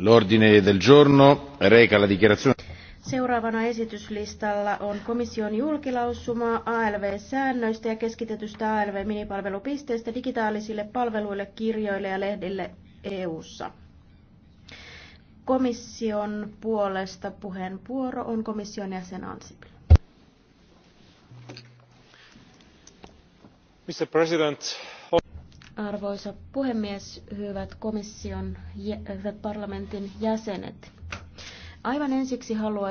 L'ordine del giorno reca la dichiarazione. Seuraavana esityslistalla on komission julkilausuma ALV-säännöistä ja keskitetystä ALV-minipalvelupisteestä digitaalisille palveluille, kirjoille ja lehdille EU:ssa. Komission puolesta puheenvuoro on komission jäsen Ansipil. Mr. President, Arvoisa puhemies, hyvät komission, ja parlamentin jäsenet. Aivan ensiksi haluaisin